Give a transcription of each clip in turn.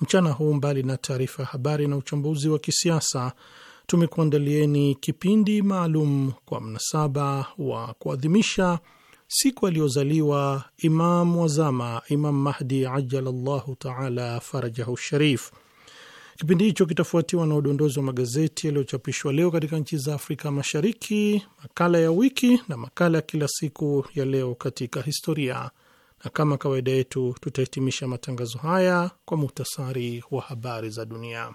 Mchana huu mbali na taarifa ya habari na uchambuzi wa kisiasa, tumekuandalieni kipindi maalum kwa mnasaba wa kuadhimisha siku aliyozaliwa Imam wazama Imam Mahdi ajalallahu taala farajahu sharif. Kipindi hicho kitafuatiwa na udondozi wa magazeti yaliyochapishwa leo katika nchi za Afrika Mashariki, makala ya wiki na makala ya kila siku ya leo katika historia na kama kawaida yetu tutahitimisha matangazo haya kwa muhtasari wa habari za dunia.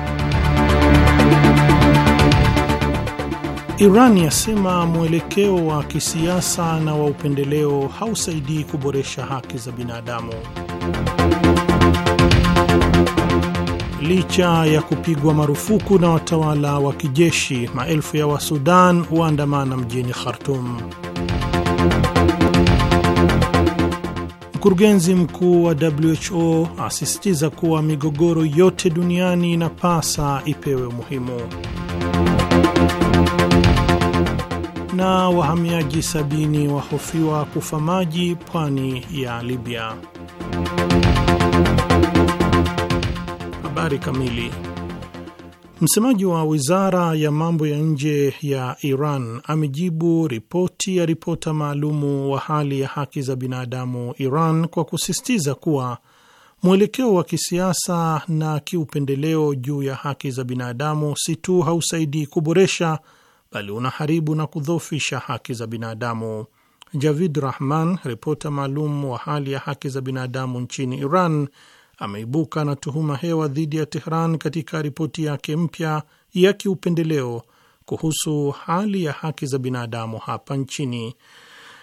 Iran yasema mwelekeo wa kisiasa na wa upendeleo hausaidii kuboresha haki za binadamu. Licha ya kupigwa marufuku na watawala wa kijeshi, maelfu ya Wasudan waandamana mjini Khartum. Mkurugenzi mkuu wa WHO asisitiza kuwa migogoro yote duniani inapasa ipewe umuhimu na wahamiaji sabini wahofiwa kufa maji pwani ya Libya. Habari kamili. Msemaji wa wizara ya mambo ya nje ya Iran amejibu ripoti ya ripota maalumu wa hali ya haki za binadamu Iran kwa kusisitiza kuwa mwelekeo wa kisiasa na kiupendeleo juu ya haki za binadamu si tu hausaidii kuboresha bali unaharibu na kudhoofisha haki za binadamu. Javid Rahman, ripota maalum wa hali ya haki za binadamu nchini Iran, ameibuka na tuhuma hewa dhidi ya Tehran katika ripoti yake mpya ya kiupendeleo kuhusu hali ya haki za binadamu hapa nchini.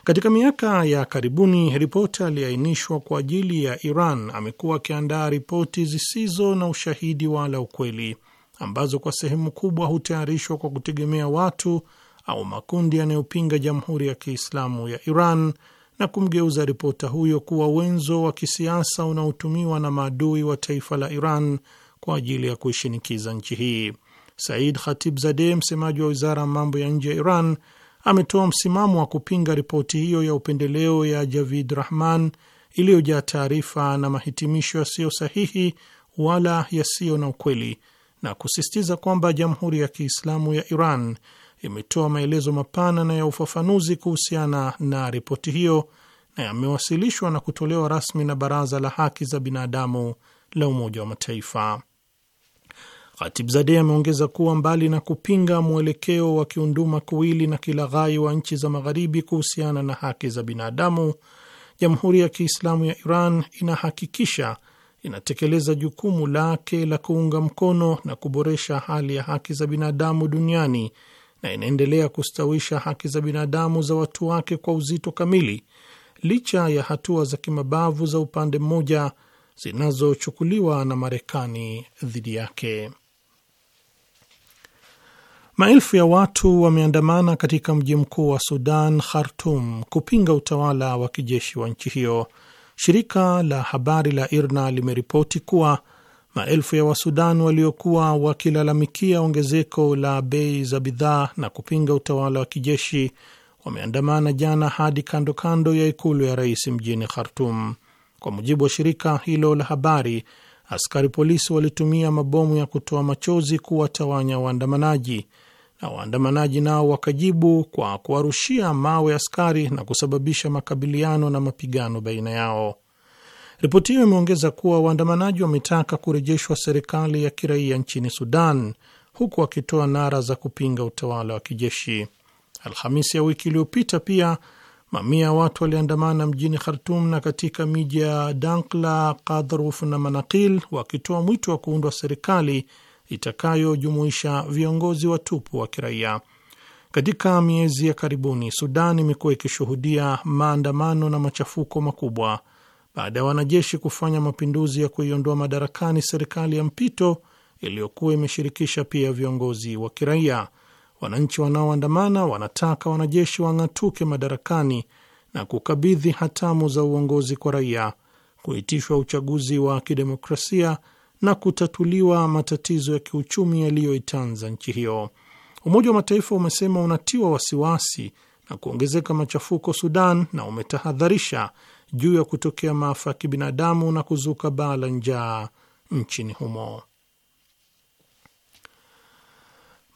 Katika miaka ya karibuni, ripota aliyeainishwa kwa ajili ya Iran amekuwa akiandaa ripoti zisizo na ushahidi wala ukweli ambazo kwa sehemu kubwa hutayarishwa kwa kutegemea watu au makundi yanayopinga Jamhuri ya Kiislamu ya Iran na kumgeuza ripota huyo kuwa wenzo wa kisiasa unaotumiwa na maadui wa taifa la Iran kwa ajili ya kuishinikiza nchi hii. Said khatib zade msemaji wa wizara ya mambo ya nje ya Iran, ametoa msimamo wa kupinga ripoti hiyo ya upendeleo ya Javid Rahman iliyojaa taarifa na mahitimisho yasiyo sahihi wala yasiyo na ukweli na kusisitiza kwamba Jamhuri ya Kiislamu ya Iran imetoa maelezo mapana na ya ufafanuzi kuhusiana na ripoti hiyo na yamewasilishwa na kutolewa rasmi na Baraza la Haki za Binadamu la Umoja wa Mataifa. Khatibzadeh ameongeza kuwa mbali na kupinga mwelekeo wa kiunduma kuwili na kilaghai wa nchi za Magharibi kuhusiana na haki za binadamu, Jamhuri ya Kiislamu ya Iran inahakikisha inatekeleza jukumu lake la kuunga mkono na kuboresha hali ya haki za binadamu duniani na inaendelea kustawisha haki za binadamu za watu wake kwa uzito kamili, licha ya hatua za kimabavu za upande mmoja zinazochukuliwa na Marekani dhidi yake. Maelfu ya watu wameandamana katika mji mkuu wa Sudan, Khartum, kupinga utawala wa kijeshi wa nchi hiyo. Shirika la habari la IRNA limeripoti kuwa maelfu ya Wasudan waliokuwa wakilalamikia ongezeko la bei za bidhaa na kupinga utawala wa kijeshi wameandamana jana hadi kando kando ya ikulu ya rais mjini Khartum. Kwa mujibu wa shirika hilo la habari, askari polisi walitumia mabomu ya kutoa machozi kuwatawanya waandamanaji na waandamanaji nao wakajibu kwa kuwarushia mawe askari na kusababisha makabiliano na mapigano baina yao. Ripoti hiyo imeongeza kuwa waandamanaji wametaka kurejeshwa serikali ya kiraia nchini Sudan, huku wakitoa nara za kupinga utawala wa kijeshi. Alhamisi ya wiki iliyopita pia mamia ya watu waliandamana mjini Khartum na katika miji ya Dankla, Kadhruf na Manakil wakitoa mwito wa kuundwa serikali itakayojumuisha viongozi watupu wa kiraia. Katika miezi ya karibuni, Sudan imekuwa ikishuhudia maandamano na machafuko makubwa baada ya wanajeshi kufanya mapinduzi ya kuiondoa madarakani serikali ya mpito iliyokuwa imeshirikisha pia viongozi wa kiraia. Wananchi wanaoandamana wanataka wanajeshi wang'atuke madarakani na kukabidhi hatamu za uongozi kwa raia, kuitishwa uchaguzi wa kidemokrasia na kutatuliwa matatizo ya kiuchumi yaliyoitanza nchi hiyo. Umoja wa Mataifa umesema unatiwa wasiwasi na kuongezeka machafuko Sudan na umetahadharisha juu ya kutokea maafa ya kibinadamu na kuzuka baa la njaa nchini humo.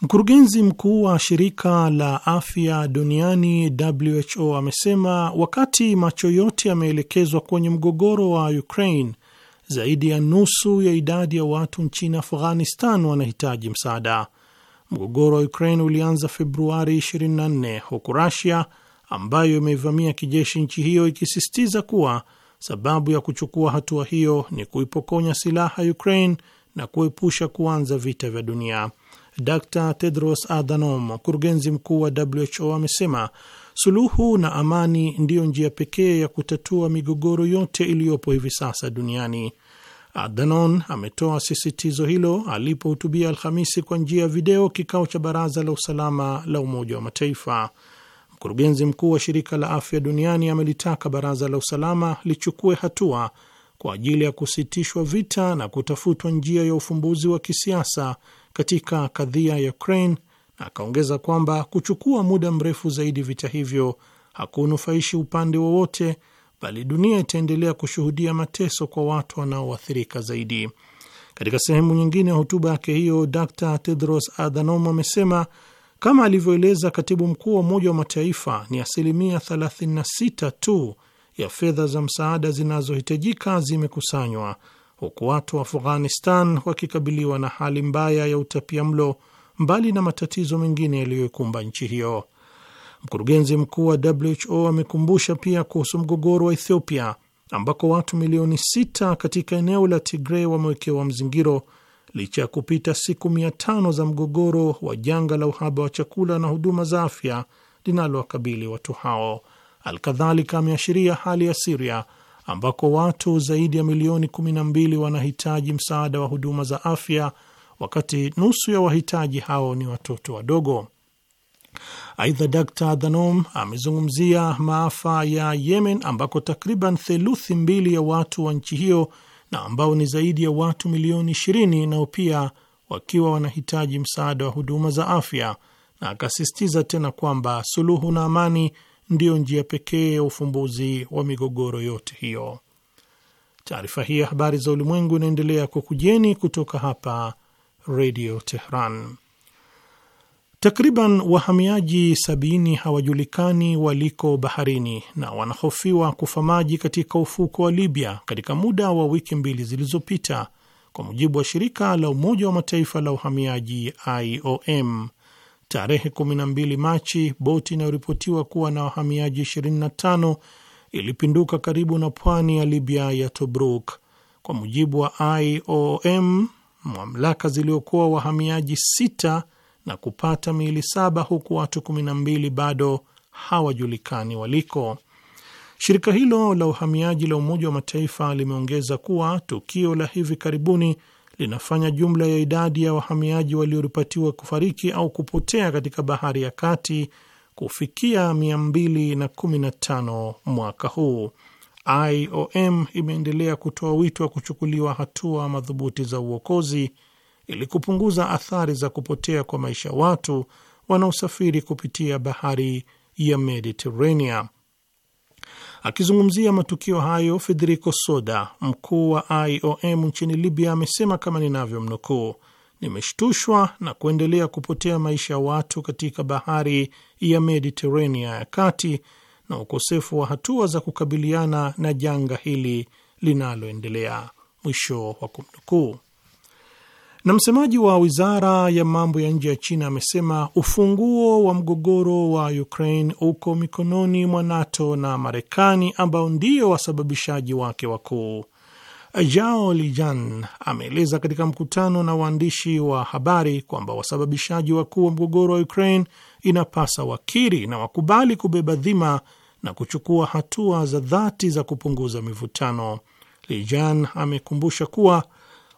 Mkurugenzi mkuu wa shirika la afya duniani WHO amesema wakati macho yote yameelekezwa kwenye mgogoro wa Ukraine, zaidi ya nusu ya idadi ya watu nchini Afghanistan wanahitaji msaada. Mgogoro wa Ukraine ulianza Februari 24 huku Rusia ambayo imeivamia kijeshi nchi hiyo ikisisitiza kuwa sababu ya kuchukua hatua hiyo ni kuipokonya silaha Ukraine na kuepusha kuanza vita vya dunia. Dr Tedros Adhanom, mkurugenzi mkuu wa WHO, amesema Suluhu na amani ndiyo njia pekee ya kutatua migogoro yote iliyopo hivi sasa duniani. Adhanom ametoa sisitizo hilo alipohutubia Alhamisi kwa njia ya video kikao cha Baraza la Usalama la Umoja wa Mataifa. Mkurugenzi mkuu wa Shirika la Afya Duniani amelitaka Baraza la Usalama lichukue hatua kwa ajili ya kusitishwa vita na kutafutwa njia ya ufumbuzi wa kisiasa katika kadhia ya Ukraine Akaongeza kwamba kuchukua muda mrefu zaidi vita hivyo hakunufaishi upande wowote, bali dunia itaendelea kushuhudia mateso kwa watu wanaoathirika zaidi. Katika sehemu nyingine ya hotuba yake hiyo, Dr Tedros Adhanom amesema kama alivyoeleza katibu mkuu wa Umoja wa Mataifa, ni asilimia 36 tu ya fedha za msaada zinazohitajika zimekusanywa, huku watu wa Afghanistan wakikabiliwa na hali mbaya ya utapia mlo mbali na matatizo mengine yaliyoikumba nchi hiyo. Mkurugenzi mkuu wa WHO amekumbusha pia kuhusu mgogoro wa Ethiopia ambako watu milioni sita katika eneo la tigre wamewekewa mzingiro licha ya kupita siku mia tano za mgogoro wa janga la uhaba wa chakula na huduma za afya linalowakabili watu hao. Alkadhalika ameashiria hali ya Siria ambako watu zaidi ya milioni 12 wanahitaji msaada wa huduma za afya wakati nusu ya wahitaji hao ni watoto wadogo. Aidha, d Dhanom amezungumzia maafa ya Yemen ambako takriban theluthi mbili ya watu wa nchi hiyo na ambao ni zaidi ya watu milioni 20 nao pia wakiwa wanahitaji msaada wa huduma za afya, na akasisitiza tena kwamba suluhu na amani ndiyo njia pekee ya ufumbuzi wa migogoro yote hiyo. Taarifa hii ya habari za ulimwengu inaendelea kukujeni kutoka hapa Radio Tehran. Takriban wahamiaji sabini hawajulikani waliko baharini na wanahofiwa kufa maji katika ufuko wa Libya katika muda wa wiki mbili zilizopita, kwa mujibu wa shirika la Umoja wa Mataifa la uhamiaji IOM. Tarehe 12 Machi, boti inayoripotiwa kuwa na wahamiaji 25 ilipinduka karibu na pwani ya Libya ya Tobruk. Kwa mujibu wa IOM, mamlaka ziliokuwa wahamiaji sita na kupata miili saba huku watu 12 bado hawajulikani waliko. Shirika hilo la uhamiaji la Umoja wa Mataifa limeongeza kuwa tukio la hivi karibuni linafanya jumla ya idadi ya wahamiaji walioripotiwa kufariki au kupotea katika bahari ya kati kufikia 215 mwaka huu. IOM imeendelea kutoa wito wa kuchukuliwa hatua madhubuti za uokozi ili kupunguza athari za kupotea kwa maisha watu wanaosafiri kupitia bahari ya Mediterania. Akizungumzia matukio hayo, Federico Soda, mkuu wa IOM nchini Libya, amesema kama ninavyomnukuu, nimeshtushwa na kuendelea kupotea maisha ya watu katika bahari ya Mediterania ya kati na ukosefu wa hatua za kukabiliana na janga hili linaloendelea. Mwisho wa kumnukuu. Na msemaji wa wizara ya mambo ya nje ya China amesema ufunguo wa mgogoro wa Ukraine uko mikononi mwa NATO na Marekani, ambao ndio wasababishaji wake wakuu. Jao Lijan ameeleza katika mkutano na waandishi wa habari kwamba wasababishaji wakuu wa mgogoro wa Ukraine inapasa wakiri na wakubali kubeba dhima na kuchukua hatua za dhati za kupunguza mivutano. Lijan amekumbusha kuwa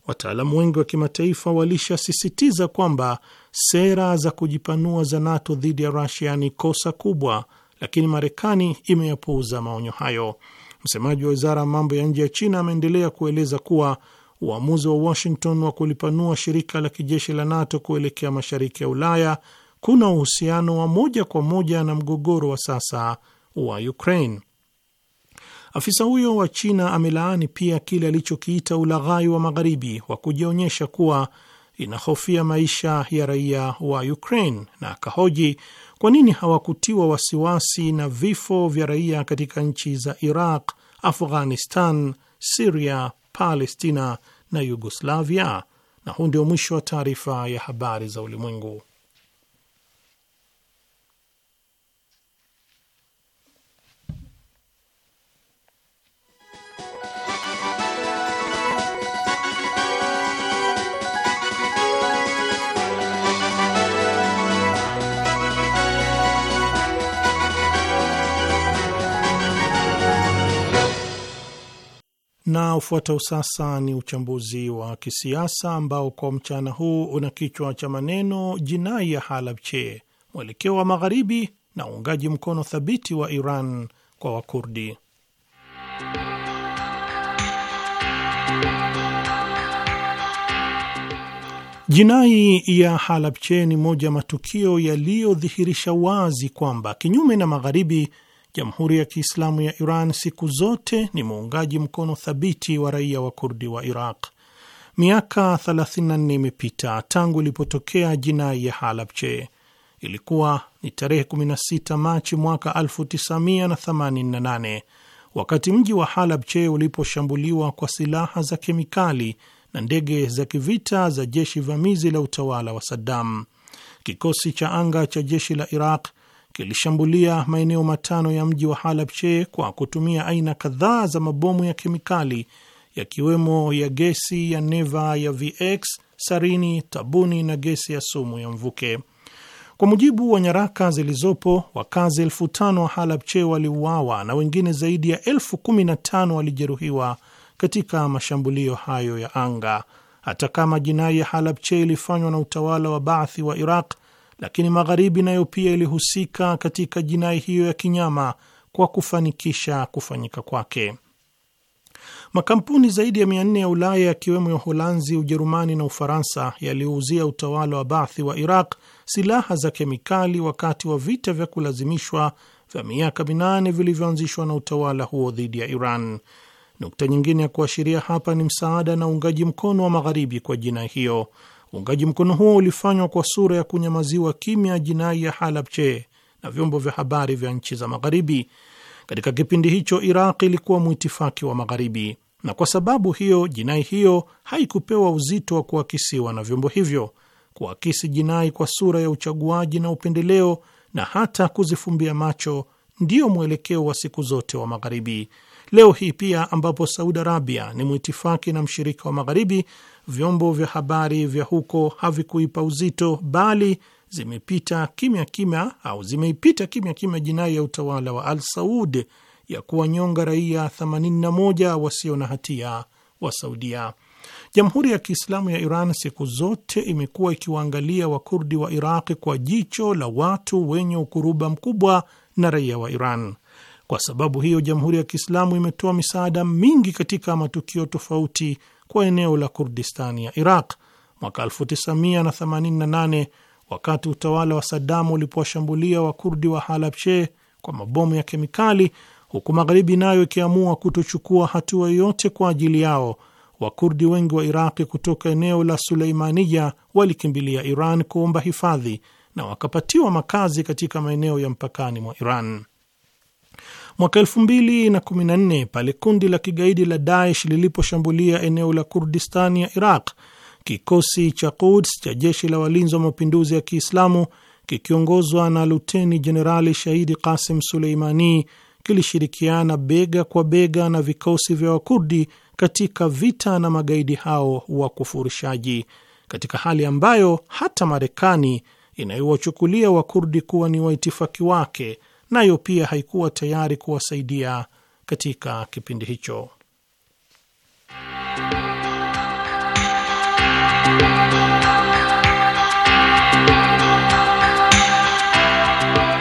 wataalamu wengi wa kimataifa walishasisitiza kwamba sera za kujipanua za NATO dhidi ya Rusia ni kosa kubwa, lakini Marekani imeyapuuza maonyo hayo. Msemaji wa wizara ya mambo ya nje ya China ameendelea kueleza kuwa uamuzi wa Washington wa kulipanua shirika la kijeshi la NATO kuelekea mashariki ya Ulaya kuna uhusiano wa moja kwa moja na mgogoro wa sasa wa Ukraine. Afisa huyo wa China amelaani pia kile alichokiita ulaghai wa Magharibi wa kujionyesha kuwa inahofia maisha ya raia wa Ukraine na akahoji kwa nini hawakutiwa wasiwasi na vifo vya raia katika nchi za Iraq, Afghanistan, Siria, Palestina na Yugoslavia. Na huu ndio mwisho wa taarifa ya habari za ulimwengu. na ufuatao sasa ni uchambuzi wa kisiasa ambao kwa mchana huu una kichwa cha maneno jinai ya Halabche, mwelekeo wa magharibi na uungaji mkono thabiti wa Iran kwa Wakurdi. Jinai ya Halabche ni moja matukio yaliyodhihirisha wazi kwamba kinyume na magharibi Jamhuri ya Kiislamu ya Iran siku zote ni muungaji mkono thabiti wa raia wa Kurdi wa Iraq. Miaka 34 imepita tangu ilipotokea jinai ya Halabche. Ilikuwa ni tarehe 16 Machi mwaka 1988 wakati mji wa Halabche uliposhambuliwa kwa silaha za kemikali na ndege za kivita za jeshi vamizi la utawala wa Saddam. Kikosi cha anga cha jeshi la Iraq kilishambulia maeneo matano ya mji wa Halabche kwa kutumia aina kadhaa za mabomu ya kemikali yakiwemo ya gesi ya neva ya VX, sarini, tabuni na gesi ya sumu ya mvuke. Kwa mujibu wa nyaraka zilizopo, wakazi elfu tano wa Halabche waliuawa na wengine zaidi ya elfu kumi na tano walijeruhiwa katika mashambulio hayo ya anga. Hata kama jinai ya Halabche ilifanywa na utawala wa Baathi wa Iraq lakini Magharibi nayo pia ilihusika katika jinai hiyo ya kinyama kwa kufanikisha kufanyika kwake. Makampuni zaidi ya 4 ya Ulaya yakiwemo ya Uholanzi, Ujerumani na Ufaransa yaliyouzia utawala wa Baathi wa Iraq silaha za kemikali wakati wa vita vya kulazimishwa vya miaka minane vilivyoanzishwa na utawala huo dhidi ya Iran. Nukta nyingine ya kuashiria hapa ni msaada na uungaji mkono wa Magharibi kwa jinai hiyo. Uungaji mkono huo ulifanywa kwa sura ya kunyamaziwa kimya jinai ya Halabche na vyombo vya habari vya nchi za Magharibi. Katika kipindi hicho, Iraq ilikuwa mwitifaki wa Magharibi, na kwa sababu hiyo jinai hiyo haikupewa uzito wa kuakisiwa na vyombo hivyo. Kuakisi jinai kwa sura ya uchaguaji na upendeleo na hata kuzifumbia macho ndiyo mwelekeo wa siku zote wa Magharibi. Leo hii pia ambapo Saudi Arabia ni mwitifaki na mshirika wa Magharibi, vyombo vya habari vya huko havikuipa uzito, bali zimepita kimya kimya au zimeipita kimya kimya jinai ya utawala wa Al Saud ya kuwanyonga raia 81 wasio na hatia wa Saudia. Jamhuri ya Kiislamu ya Iran siku zote imekuwa ikiwaangalia Wakurdi wa iraq kwa jicho la watu wenye ukuruba mkubwa na raia wa Iran. Kwa sababu hiyo, Jamhuri ya Kiislamu imetoa misaada mingi katika matukio tofauti kwa eneo la Kurdistani ya Iraq mwaka 1988 wakati utawala wa Sadamu ulipowashambulia Wakurdi wa Halabche kwa mabomu ya kemikali, huku Magharibi nayo ikiamua kutochukua hatua yoyote kwa ajili yao. Wakurdi wengi wa Iraqi kutoka eneo la Suleimaniya walikimbilia Iran kuomba hifadhi na wakapatiwa makazi katika maeneo ya mpakani mwa Iran. Mwaka nne pale kundi la kigaidi la Daesh liliposhambulia eneo la Kurdistani ya Iraq, kikosi cha Quds cha jeshi la walinzi wa mapinduzi ya Kiislamu kikiongozwa na Luteni Jenerali shahidi Qasim Suleimani kilishirikiana bega kwa bega na vikosi vya Wakurdi katika vita na magaidi hao wa kufurishaji, katika hali ambayo hata Marekani inayowachukulia Wakurdi kuwa ni waitifaki wake nayo pia haikuwa tayari kuwasaidia katika kipindi hicho.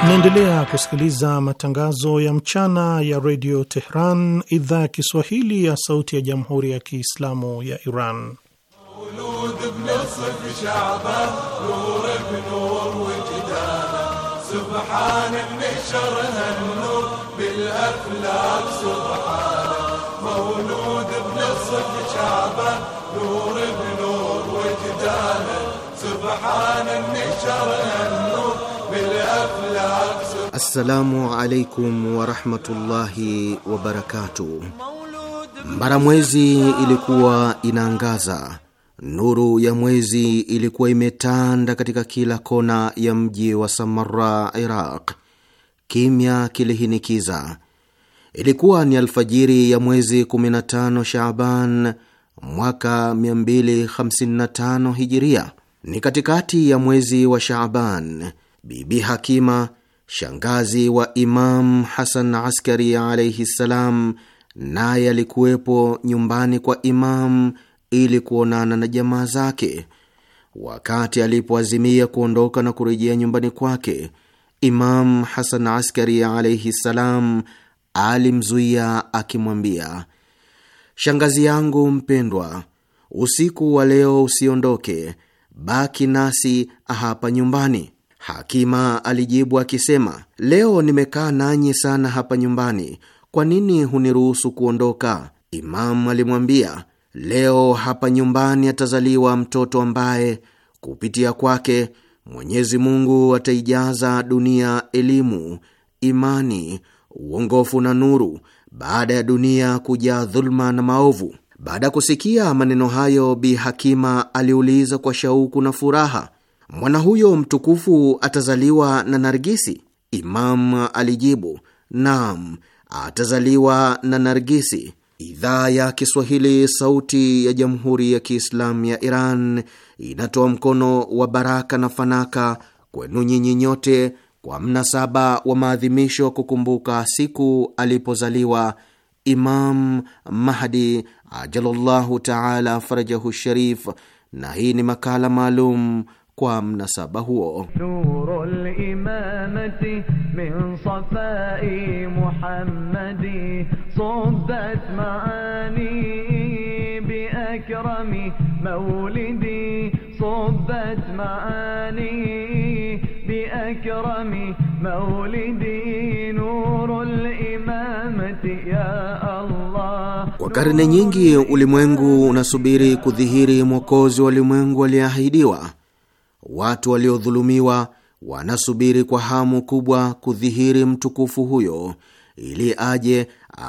Naendelea kusikiliza matangazo ya mchana ya redio Tehran, idhaa ya Kiswahili ya sauti ya jamhuri ya Kiislamu ya Iran. سبحان النشر النور بالأفلاك سبحان مولود بنصف شعبه نور بنور وجدانك سبحان النشر النور بالأفلاك سبحان السلام عليكم ورحمة الله وبركاته Mbaramwezi ilikuwa إنانغازا Nuru ya mwezi ilikuwa imetanda katika kila kona ya mji wa Samara, Iraq. Kimya kilihinikiza. Ilikuwa ni alfajiri ya mwezi 15 Shaaban mwaka 255 Hijiria. Ni katikati ya mwezi wa Shaaban, Bibi Hakima, shangazi wa Imam Hasan Askari alaihi ssalam, naye alikuwepo nyumbani kwa Imam ili kuonana na jamaa zake. Wakati alipoazimia kuondoka na kurejea nyumbani kwake, Imam Hasan Askari alaihi ssalam alimzuia akimwambia, shangazi yangu mpendwa, usiku wa leo usiondoke, baki nasi hapa nyumbani. Hakima alijibu akisema, leo nimekaa nanyi sana hapa nyumbani, kwa nini huniruhusu kuondoka? Imamu alimwambia Leo hapa nyumbani atazaliwa mtoto ambaye kupitia kwake Mwenyezi Mungu ataijaza dunia elimu, imani, uongofu na nuru, baada ya dunia kujaa dhuluma na maovu. Baada ya kusikia maneno hayo, Bi Hakima aliuliza kwa shauku na furaha, mwana huyo mtukufu atazaliwa na Nargisi? Imam alijibu, naam, atazaliwa na Nargisi. Idhaa ya Kiswahili, Sauti ya Jamhuri ya Kiislamu ya Iran inatoa mkono wa baraka na fanaka kwenu nyinyi nyote kwa mnasaba wa maadhimisho kukumbuka siku alipozaliwa Imam Mahdi ajalallahu taala farajahu sharif, na hii ni makala maalum kwa mnasaba huo Surul imamati من صفاء محمد صبت معاني بأكرم مولدي صبت معاني بأكرم مولدي نور الإمامة يا Kwa karne nyingi ulimwengu unasubiri kudhihiri mwokozi wa ulimwengu aliyeahidiwa. Watu waliodhulumiwa wanasubiri kwa hamu kubwa kudhihiri mtukufu huyo ili aje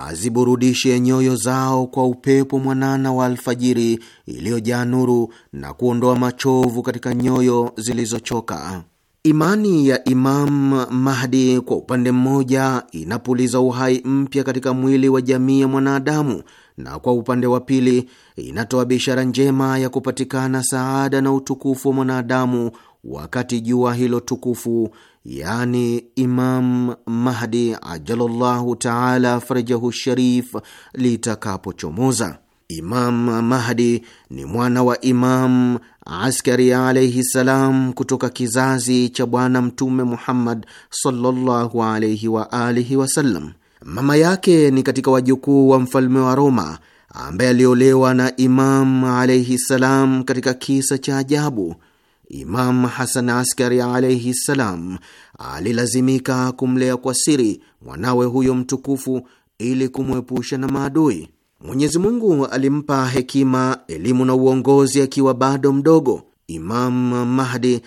aziburudishe nyoyo zao kwa upepo mwanana wa alfajiri iliyojaa nuru na kuondoa machovu katika nyoyo zilizochoka. Imani ya Imam Mahdi kwa upande mmoja inapuliza uhai mpya katika mwili wa jamii ya mwanadamu, na kwa upande wa pili inatoa bishara njema ya kupatikana saada na utukufu wa mwanadamu wakati jua hilo tukufu, yani Imam Mahdi ajalallahu taala farajahu sharif litakapochomoza. Imam Mahdi ni mwana wa Imam Askari alaihi salam, kutoka kizazi cha Bwana Mtume Muhammad sallallahu alaihi wa alihi wasallam. Mama yake ni katika wajukuu wa mfalme wa Roma ambaye aliolewa na Imam alaihi salam katika kisa cha ajabu. Imam Hasan Askari alaihi ssalam alilazimika kumlea kwa siri mwanawe huyo mtukufu ili kumwepusha na maadui. Mwenyezi Mungu alimpa hekima, elimu na uongozi akiwa bado mdogo. Imam Mahdi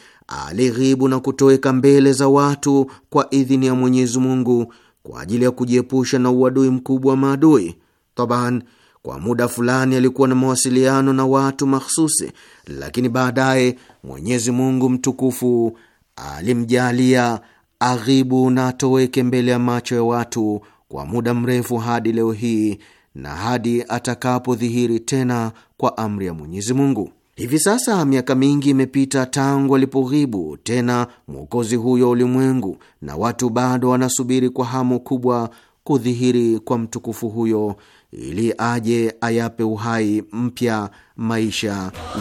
alighibu na kutoweka mbele za watu kwa idhini ya Mwenyezi Mungu kwa ajili ya kujiepusha na uadui mkubwa wa maadui Taban kwa muda fulani alikuwa na mawasiliano na watu mahsusi, lakini baadaye Mwenyezi Mungu mtukufu alimjalia aghibu na atoweke mbele ya macho ya watu kwa muda mrefu hadi leo hii na hadi atakapodhihiri tena kwa amri ya Mwenyezi Mungu. Hivi sasa miaka mingi imepita tangu alipoghibu tena mwokozi huyo ulimwengu, na watu bado wanasubiri kwa hamu kubwa kudhihiri kwa mtukufu huyo ili aje ayape uhai mpya maisha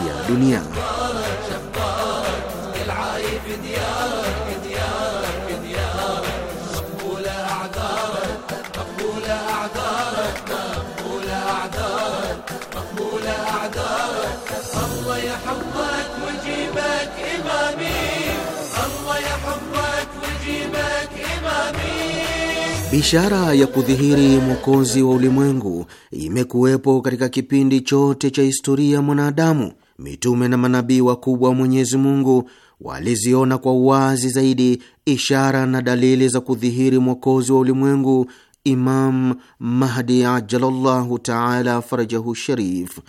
ya dunia. Ishara ya kudhihiri mwokozi wa ulimwengu imekuwepo katika kipindi chote cha historia ya mwanadamu. Mitume na manabii wakubwa wa Mwenyezi Mungu waliziona kwa uwazi zaidi ishara na dalili za kudhihiri mwokozi wa ulimwengu, Imam Mahdi ajalallahu taala farajahu sharif.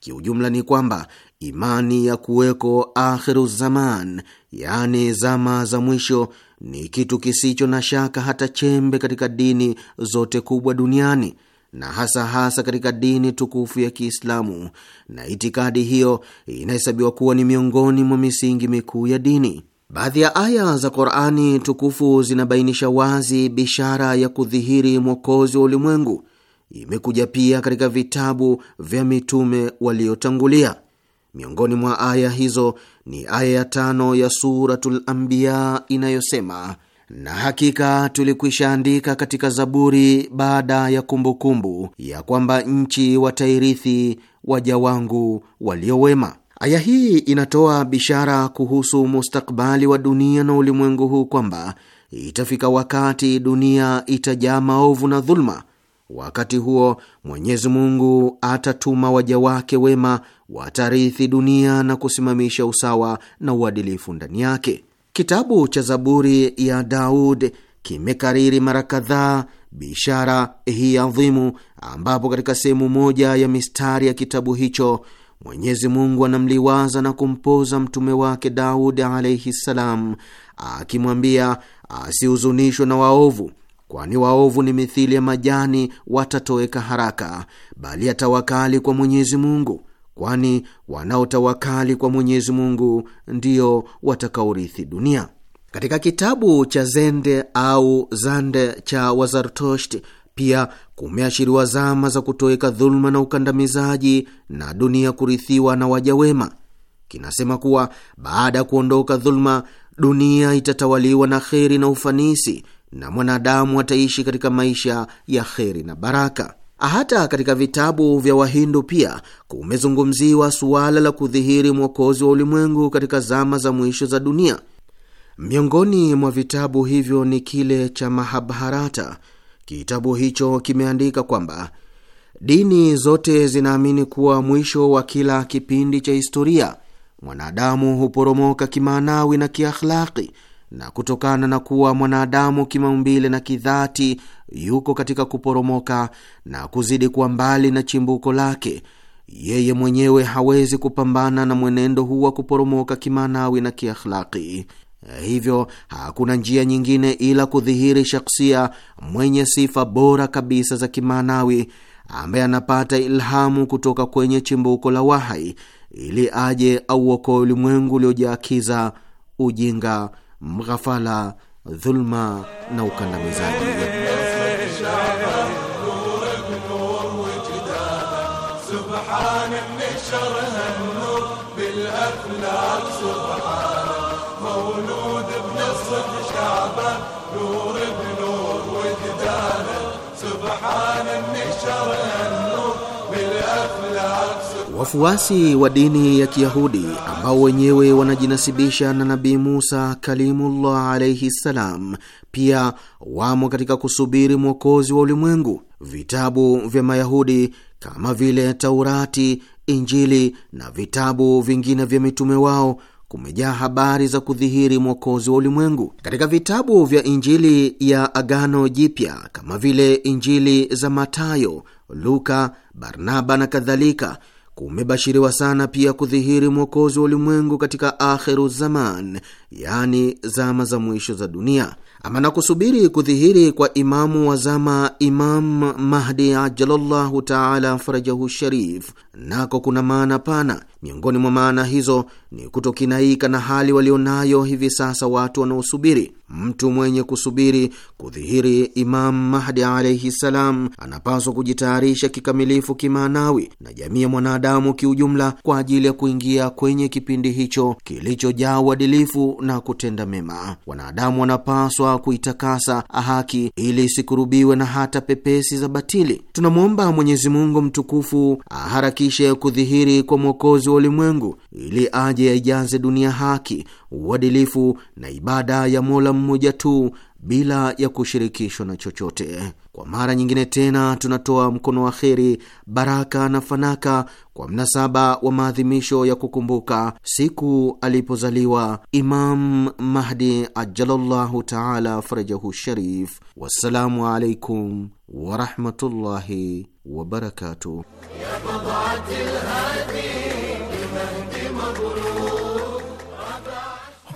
Kiujumla ni kwamba imani ya kuweko akhiru zaman, yaani zama za mwisho ni kitu kisicho na shaka hata chembe katika dini zote kubwa duniani na hasa hasa katika dini tukufu ya Kiislamu, na itikadi hiyo inahesabiwa kuwa ni miongoni mwa misingi mikuu ya dini. Baadhi ya aya za Qur'ani tukufu zinabainisha wazi bishara ya kudhihiri mwokozi wa ulimwengu. Imekuja pia katika vitabu vya mitume waliotangulia. Miongoni mwa aya hizo ni aya ya tano ya Suratul Anbiya inayosema na hakika tulikwisha andika katika Zaburi baada ya kumbukumbu kumbu, ya kwamba nchi watairithi waja wangu waliowema. Aya hii inatoa bishara kuhusu mustakbali wa dunia na ulimwengu huu kwamba itafika wakati dunia itajaa maovu na dhuluma Wakati huo Mwenyezi Mungu atatuma waja wake wema watarithi dunia na kusimamisha usawa na uadilifu ndani yake. Kitabu cha Zaburi ya Daud kimekariri mara kadhaa bishara hii adhimu, ambapo katika sehemu moja ya mistari ya kitabu hicho Mwenyezi Mungu anamliwaza na kumpoza mtume wake Daudi alaihi ssalam, akimwambia asihuzunishwe na waovu kwani waovu ni mithili ya majani, watatoweka haraka, bali atawakali kwa Mwenyezi Mungu, kwani wanaotawakali kwa Mwenyezi Mungu ndio watakaorithi dunia. Katika kitabu cha Zende au Zande cha Wazartosht pia kumeashiriwa zama za kutoweka dhuluma na ukandamizaji na dunia kurithiwa na waja wema. Kinasema kuwa baada ya kuondoka dhuluma, dunia itatawaliwa na kheri na ufanisi na mwanadamu ataishi katika maisha ya kheri na baraka. Hata katika vitabu vya Wahindu pia kumezungumziwa suala la kudhihiri mwokozi wa ulimwengu katika zama za mwisho za dunia. Miongoni mwa vitabu hivyo ni kile cha Mahabharata. Kitabu hicho kimeandika kwamba dini zote zinaamini kuwa mwisho wa kila kipindi cha historia mwanadamu huporomoka kimaanawi na kiakhlaki na kutokana na kuwa mwanadamu kimaumbile na kidhati yuko katika kuporomoka na kuzidi kuwa mbali na chimbuko lake, yeye mwenyewe hawezi kupambana na mwenendo huu wa kuporomoka kimaanawi na kiakhlaki. Hivyo hakuna njia nyingine ila kudhihiri shaksia mwenye sifa bora kabisa za kimaanawi ambaye anapata ilhamu kutoka kwenye chimbuko la wahai ili aje auokoe ulimwengu uliojaakiza ujinga mghafala, dhulma na ukandamizaji. سبحان النشر Wafuasi wa dini ya Kiyahudi ambao wenyewe wanajinasibisha na Nabii Musa Kalimullah alaihi ssalam, pia wamo katika kusubiri mwokozi wa ulimwengu. Vitabu vya Mayahudi kama vile Taurati, Injili na vitabu vingine vya mitume wao kumejaa habari za kudhihiri mwokozi wa ulimwengu. Katika vitabu vya Injili ya Agano Jipya kama vile Injili za Matayo Luka, Barnaba na kadhalika, kumebashiriwa sana pia kudhihiri mwokozi wa ulimwengu katika akhiru zaman, yani zama za mwisho za dunia. Ama na kusubiri kudhihiri kwa imamu wa zama, Imam Mahdi ajalallahu taala farajahu sharif, nako kuna maana pana Miongoni mwa maana hizo ni kutokinaika na hali walionayo hivi sasa watu wanaosubiri. Mtu mwenye kusubiri kudhihiri Imamu Mahdi alaihi ssalam anapaswa kujitayarisha kikamilifu kimaanawi na jamii ya mwanadamu kiujumla kwa ajili ya kuingia kwenye kipindi hicho kilichojaa uadilifu na kutenda mema. Wanadamu wanapaswa kuitakasa haki ili isikurubiwe na hata pepesi za batili. Tunamwomba Mwenyezi Mungu mtukufu aharakishe kudhihiri kwa Mwokozi mkombozi wa ulimwengu ili aje yaijaze dunia haki, uadilifu na ibada ya Mola mmoja tu bila ya kushirikishwa na chochote. Kwa mara nyingine tena, tunatoa mkono wa kheri, baraka na fanaka kwa mnasaba wa maadhimisho ya kukumbuka siku alipozaliwa Imam Mahdi ajalallahu taala farajahu sharif. Wassalamu alaikum warahmatullahi wabarakatuh.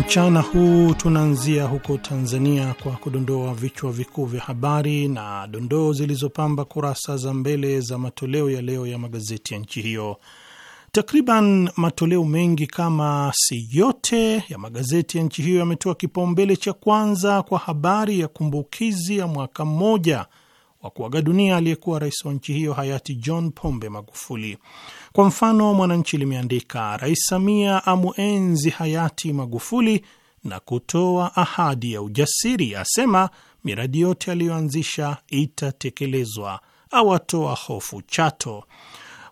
Mchana huu tunaanzia huko Tanzania kwa kudondoa vichwa vikuu vya habari na dondoo zilizopamba kurasa za mbele za matoleo ya leo ya magazeti ya nchi hiyo. Takriban matoleo mengi kama si yote ya magazeti ya nchi hiyo yametoa kipaumbele cha kwanza kwa habari ya kumbukizi ya mwaka mmoja wa kuaga dunia aliyekuwa rais wa nchi hiyo hayati John Pombe Magufuli. Kwa mfano, Mwananchi limeandika Rais Samia amuenzi hayati Magufuli na kutoa ahadi ya ujasiri, asema miradi yote aliyoanzisha itatekelezwa, awatoa hofu Chato.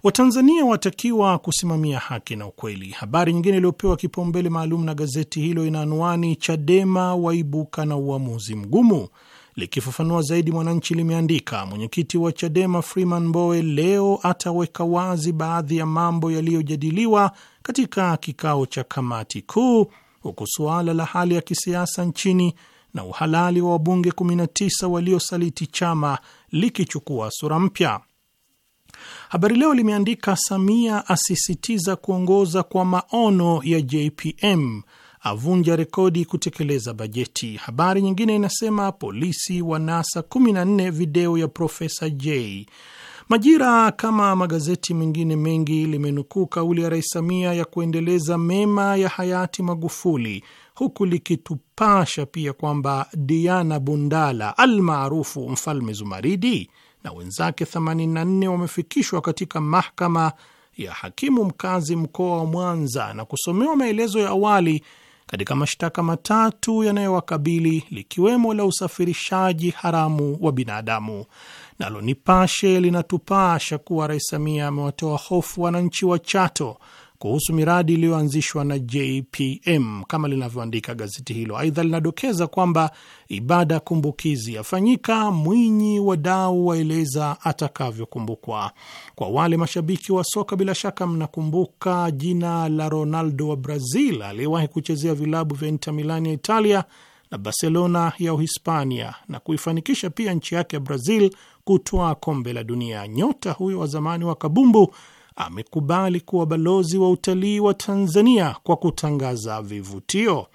Watanzania watakiwa kusimamia haki na ukweli. Habari nyingine iliyopewa kipaumbele maalum na gazeti hilo ina anwani Chadema waibuka na uamuzi mgumu. Likifafanua zaidi, Mwananchi limeandika mwenyekiti wa Chadema Freeman Mbowe leo ataweka wazi baadhi ya mambo yaliyojadiliwa katika kikao cha kamati kuu, huku suala la hali ya kisiasa nchini na uhalali wa wabunge 19 waliosaliti chama likichukua sura mpya. Habari Leo limeandika Samia asisitiza kuongoza kwa maono ya JPM avunja rekodi kutekeleza bajeti. Habari nyingine inasema polisi wanasa 14 video ya Profesa J. Majira kama magazeti mengine mengi limenukuu kauli ya Rais Samia ya kuendeleza mema ya hayati Magufuli, huku likitupasha pia kwamba Diana Bundala almaarufu Mfalme Zumaridi na wenzake 84 wamefikishwa katika mahakama ya hakimu mkazi mkoa wa Mwanza na kusomewa maelezo ya awali katika mashtaka matatu yanayowakabili likiwemo la usafirishaji haramu wa binadamu. Nalo Nipashe linatupasha kuwa Rais Samia amewatoa hofu wananchi wa Chato kuhusu miradi iliyoanzishwa na JPM kama linavyoandika gazeti hilo. Aidha, linadokeza kwamba ibada kumbukizi yafanyika, Mwinyi wadau waeleza atakavyokumbukwa. Kwa wale mashabiki wa soka, bila shaka mnakumbuka jina la Ronaldo wa Brazil aliyewahi kuchezea vilabu vya Inter Milan ya Italia na Barcelona ya Uhispania na kuifanikisha pia nchi yake ya Brazil kutwaa kombe la dunia. Nyota huyo wa zamani wa kabumbu amekubali kuwa balozi wa utalii wa Tanzania kwa kutangaza vivutio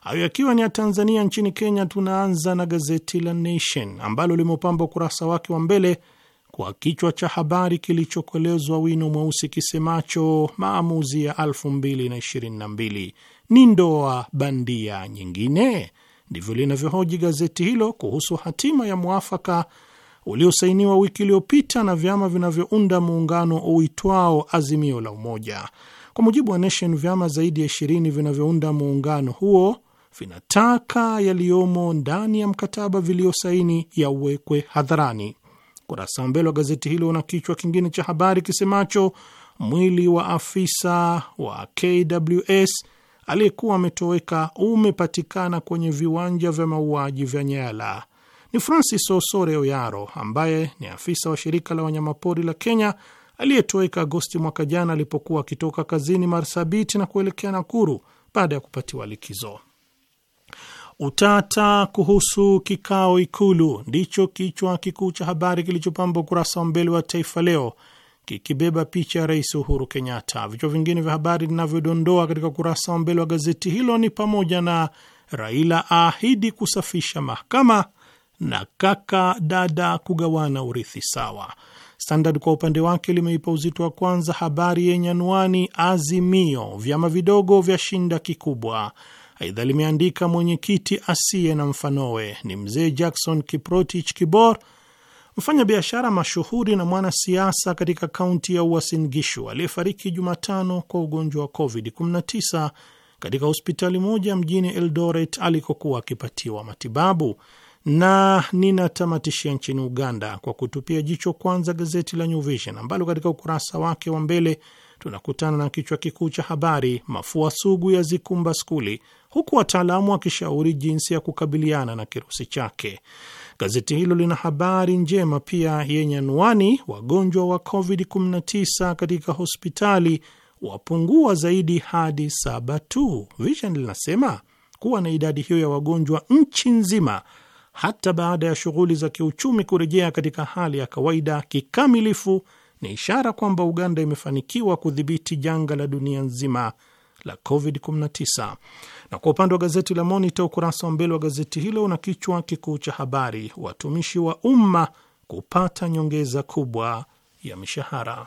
hayo yakiwa ni ya Tanzania nchini Kenya. Tunaanza na gazeti la Nation ambalo limeupamba ukurasa wake wa mbele kwa kichwa cha habari kilichokolezwa wino mweusi kisemacho maamuzi ya 2022 ni ndoa bandia nyingine. Ndivyo linavyohoji gazeti hilo kuhusu hatima ya mwafaka uliosainiwa wiki iliyopita na vyama vinavyounda muungano uitwao Azimio la Umoja. Kwa mujibu wa Nation, vyama zaidi ya ishirini vinavyounda muungano huo vinataka yaliyomo ndani ya mkataba viliosaini yawekwe hadharani. Kurasa wa mbele wa gazeti hilo na kichwa kingine cha habari kisemacho mwili wa afisa wa KWS aliyekuwa ametoweka umepatikana kwenye viwanja vya mauaji vya Nyala ni Francis Osore Oyaro ambaye ni afisa wa shirika la wanyamapori la Kenya aliyetoweka Agosti mwaka jana alipokuwa akitoka kazini Marsabit na kuelekea Nakuru baada ya kupatiwa likizo. Utata kuhusu kikao Ikulu ndicho kichwa kikuu cha habari kilichopamba ukurasa wa mbele wa Taifa Leo, kikibeba picha ya Rais Uhuru Kenyatta. Vichwa vingine vya habari linavyodondoa katika ukurasa wa mbele wa gazeti hilo ni pamoja na Raila aahidi kusafisha mahakama na kaka dada kugawana urithi sawa. Standard kwa upande wake limeipa uzito wa kwanza habari yenye anwani Azimio, vyama vidogo vya shinda kikubwa. Aidha limeandika mwenyekiti asiye na mfanowe ni mzee Jackson Kiprotich Kibor, mfanyabiashara mashuhuri na mwanasiasa katika kaunti ya Uasin Gishu aliyefariki Jumatano kwa ugonjwa wa COVID-19 katika hospitali moja mjini Eldoret alikokuwa akipatiwa matibabu na ninatamatishia nchini Uganda kwa kutupia jicho kwanza gazeti la New Vision ambalo katika ukurasa wake wa mbele tunakutana na kichwa kikuu cha habari, mafua sugu ya zikumba skuli, huku wataalamu wakishauri jinsi ya kukabiliana na kirusi chake. Gazeti hilo lina habari njema pia yenye anwani, wagonjwa wa COVID-19 katika hospitali wapungua zaidi hadi saba tu. Vision linasema kuwa na idadi hiyo ya wagonjwa nchi nzima hata baada ya shughuli za kiuchumi kurejea katika hali ya kawaida kikamilifu ni ishara kwamba Uganda imefanikiwa kudhibiti janga la dunia nzima la COVID-19. Na kwa upande wa gazeti la Monitor, ukurasa wa mbele wa gazeti hilo una kichwa kikuu cha habari, watumishi wa umma kupata nyongeza kubwa ya mishahara.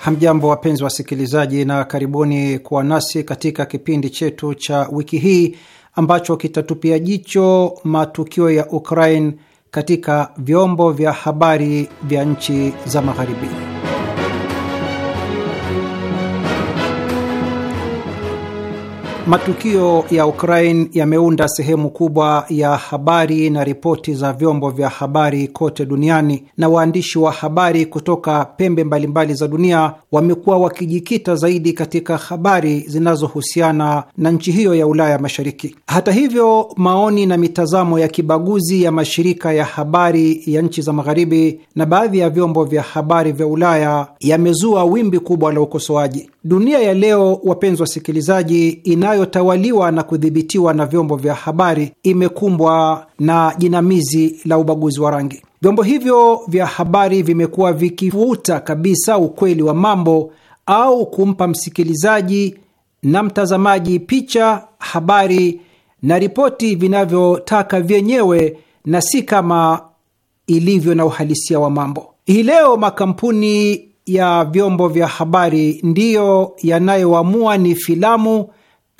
Hamjambo, wapenzi wasikilizaji, na karibuni kuwa nasi katika kipindi chetu cha wiki hii ambacho kitatupia jicho matukio ya Ukraine katika vyombo vya habari vya nchi za Magharibi. Matukio ya Ukraine yameunda sehemu kubwa ya habari na ripoti za vyombo vya habari kote duniani, na waandishi wa habari kutoka pembe mbalimbali za dunia wamekuwa wakijikita zaidi katika habari zinazohusiana na nchi hiyo ya Ulaya Mashariki. Hata hivyo, maoni na mitazamo ya kibaguzi ya mashirika ya habari ya nchi za Magharibi na baadhi ya vyombo vya habari vya Ulaya yamezua wimbi kubwa la ukosoaji. Dunia ya leo, wapenzi wasikilizaji, inayo inayotawaliwa na kudhibitiwa na vyombo vya habari imekumbwa na jinamizi la ubaguzi wa rangi. Vyombo hivyo vya habari vimekuwa vikifuta kabisa ukweli wa mambo au kumpa msikilizaji na mtazamaji picha, habari na ripoti vinavyotaka vyenyewe na si kama ilivyo na uhalisia wa mambo. Hii leo makampuni ya vyombo vya habari ndiyo yanayoamua ni filamu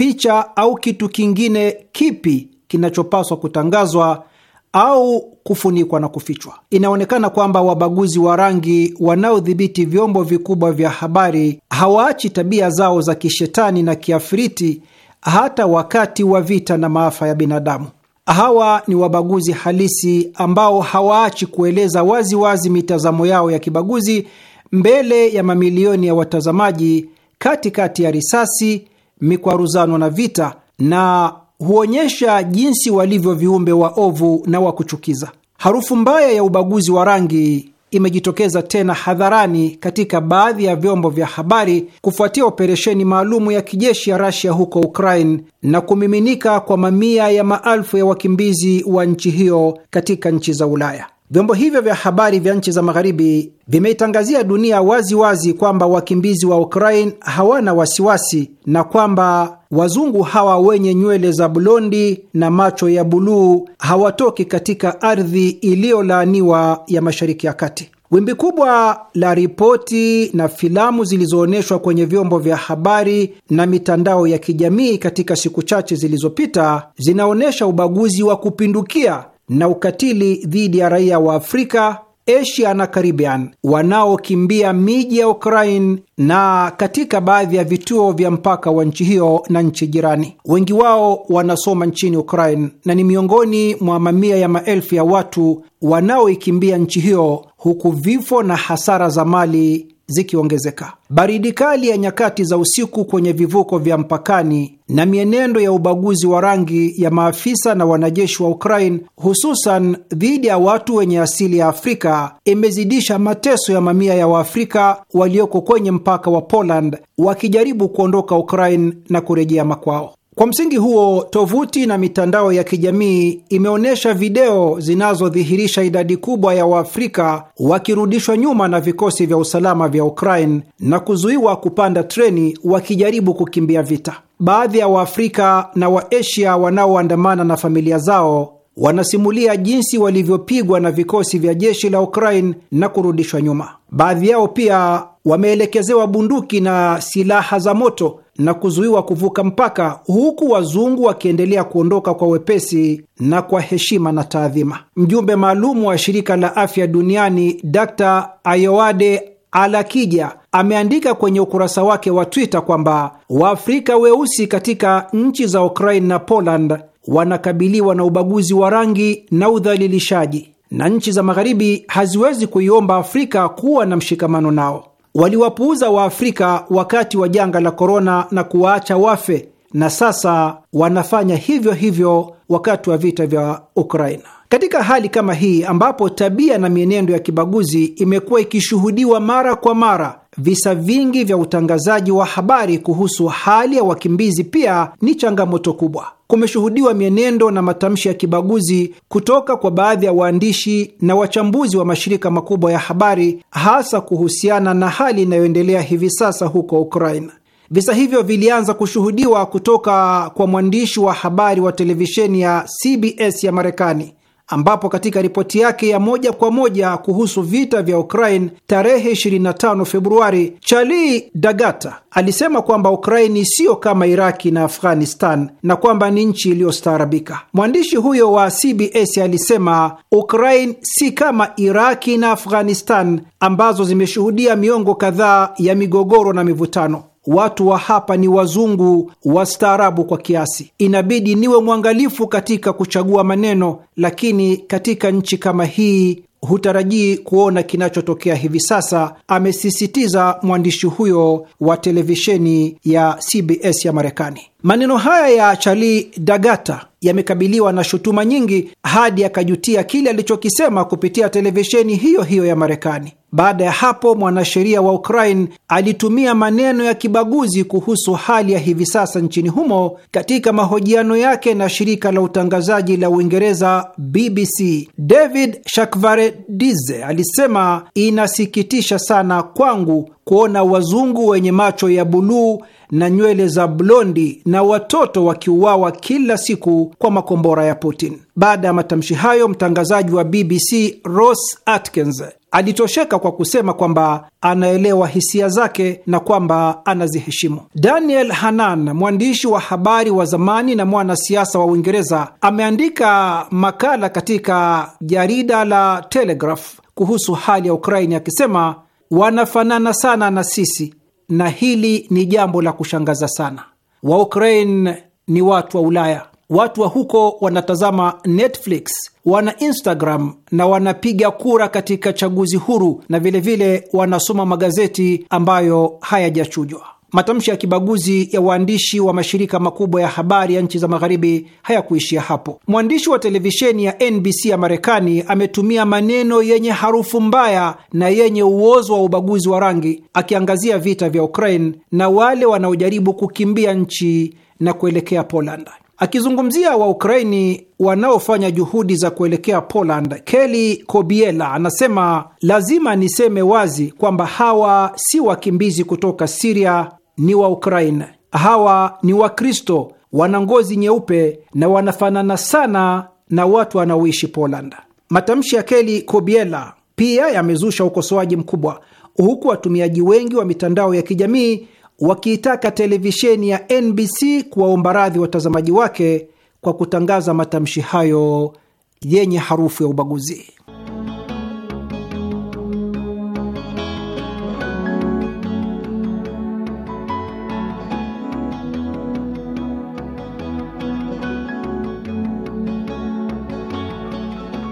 picha au kitu kingine kipi kinachopaswa kutangazwa au kufunikwa na kufichwa. Inaonekana kwamba wabaguzi wa rangi wanaodhibiti vyombo vikubwa vya habari hawaachi tabia zao za kishetani na kiafriti hata wakati wa vita na maafa ya binadamu. Hawa ni wabaguzi halisi ambao hawaachi kueleza waziwazi wazi mitazamo yao ya kibaguzi mbele ya mamilioni ya watazamaji, katikati kati ya risasi, mikwaruzano na vita, na huonyesha jinsi walivyo viumbe waovu na wa kuchukiza. Harufu mbaya ya ubaguzi wa rangi imejitokeza tena hadharani katika baadhi ya vyombo vya habari kufuatia operesheni maalumu ya kijeshi ya Russia huko Ukraine na kumiminika kwa mamia ya maelfu ya wakimbizi wa nchi hiyo katika nchi za Ulaya. Vyombo hivyo vya habari vya nchi za magharibi vimeitangazia dunia waziwazi wazi kwamba wakimbizi wa Ukraine hawana wasiwasi na kwamba wazungu hawa wenye nywele za blondi na macho ya buluu hawatoki katika ardhi iliyolaaniwa ya Mashariki ya Kati. Wimbi kubwa la ripoti na filamu zilizoonyeshwa kwenye vyombo vya habari na mitandao ya kijamii katika siku chache zilizopita zinaonyesha ubaguzi wa kupindukia na ukatili dhidi ya raia wa Afrika, Asia na Caribbean wanaokimbia miji ya Ukraine na katika baadhi ya vituo vya mpaka wa nchi hiyo na nchi jirani. Wengi wao wanasoma nchini Ukraine na ni miongoni mwa mamia ya maelfu ya watu wanaoikimbia nchi hiyo, huku vifo na hasara za mali zikiongezeka. Baridi kali ya nyakati za usiku kwenye vivuko vya mpakani na mienendo ya ubaguzi wa rangi ya maafisa na wanajeshi wa Ukraine, hususan dhidi ya watu wenye asili ya Afrika, imezidisha mateso ya mamia ya Waafrika walioko kwenye mpaka wa Poland wakijaribu kuondoka Ukraine na kurejea makwao. Kwa msingi huo, tovuti na mitandao ya kijamii imeonyesha video zinazodhihirisha idadi kubwa ya Waafrika wakirudishwa nyuma na vikosi vya usalama vya Ukraine na kuzuiwa kupanda treni wakijaribu kukimbia vita. Baadhi ya Waafrika na Waasia wanaoandamana na familia zao wanasimulia jinsi walivyopigwa na vikosi vya jeshi la Ukraine na kurudishwa nyuma. Baadhi yao pia wameelekezewa bunduki na silaha za moto na kuzuiwa kuvuka mpaka, huku wazungu wakiendelea kuondoka kwa wepesi na kwa heshima na taadhima. Mjumbe maalum wa shirika la afya duniani Dr. Ayoade Alakija ameandika kwenye ukurasa wake wa Twitter kwamba Waafrika weusi katika nchi za Ukraine na Poland wanakabiliwa na ubaguzi wa rangi na udhalilishaji, na nchi za magharibi haziwezi kuiomba Afrika kuwa na mshikamano nao. Waliwapuuza Waafrika wakati wa janga la korona na kuwaacha wafe, na sasa wanafanya hivyo hivyo wakati wa vita vya Ukraina. Katika hali kama hii ambapo tabia na mienendo ya kibaguzi imekuwa ikishuhudiwa mara kwa mara visa vingi vya utangazaji wa habari kuhusu hali ya wakimbizi pia ni changamoto kubwa. Kumeshuhudiwa mienendo na matamshi ya kibaguzi kutoka kwa baadhi ya waandishi na wachambuzi wa mashirika makubwa ya habari, hasa kuhusiana na hali inayoendelea hivi sasa huko Ukraina. Visa hivyo vilianza kushuhudiwa kutoka kwa mwandishi wa habari wa televisheni ya CBS ya Marekani ambapo katika ripoti yake ya moja kwa moja kuhusu vita vya Ukraine tarehe 25 Februari, Charli Dagata alisema kwamba Ukraini siyo kama Iraki na Afghanistan na kwamba ni nchi iliyostaarabika. Mwandishi huyo wa CBS alisema Ukraine si kama Iraki na Afghanistan ambazo zimeshuhudia miongo kadhaa ya migogoro na mivutano watu wa hapa ni wazungu wastaarabu kwa kiasi. Inabidi niwe mwangalifu katika kuchagua maneno, lakini katika nchi kama hii hutarajii kuona kinachotokea hivi sasa, amesisitiza mwandishi huyo wa televisheni ya CBS ya Marekani. Maneno haya ya chali Dagata yamekabiliwa na shutuma nyingi hadi akajutia kile alichokisema kupitia televisheni hiyo hiyo ya Marekani. Baada ya hapo, mwanasheria wa Ukraine alitumia maneno ya kibaguzi kuhusu hali ya hivi sasa nchini humo katika mahojiano yake na shirika la utangazaji la Uingereza BBC. David Shakvaredize alisema, inasikitisha sana kwangu kuona wazungu wenye macho ya buluu na nywele za blondi na watoto wakiuawa kila siku kwa makombora ya Putin. Baada ya matamshi hayo, mtangazaji wa BBC Ross Atkins alitosheka kwa kusema kwamba anaelewa hisia zake na kwamba anaziheshimu. Daniel Hanan, mwandishi wa habari wa zamani na mwanasiasa wa Uingereza, ameandika makala katika jarida la Telegraph kuhusu hali ya Ukraini akisema, wanafanana sana na sisi na hili ni jambo la kushangaza sana. Waukraine ni watu wa Ulaya. Watu wa huko wanatazama Netflix, wana Instagram na wanapiga kura katika chaguzi huru, na vilevile vile wanasoma magazeti ambayo hayajachujwa. Matamshi ya kibaguzi ya waandishi wa mashirika makubwa ya habari ya nchi za magharibi hayakuishia hapo. Mwandishi wa televisheni ya NBC ya Marekani ametumia maneno yenye harufu mbaya na yenye uozo wa ubaguzi wa rangi, akiangazia vita vya Ukraine na wale wanaojaribu kukimbia nchi na kuelekea Poland. Akizungumzia Waukraini wanaofanya juhudi za kuelekea Poland, Kelly Kobiela anasema lazima niseme wazi kwamba hawa si wakimbizi kutoka Siria ni wa Ukraine. Hawa ni Wakristo, wana ngozi nyeupe na wanafanana sana na watu wanaoishi Poland. Matamshi ya Keli Kobiela pia yamezusha ukosoaji mkubwa, huku watumiaji wengi wa mitandao ya kijamii wakiitaka televisheni ya NBC kuwaomba radhi watazamaji wake kwa kutangaza matamshi hayo yenye harufu ya ubaguzi.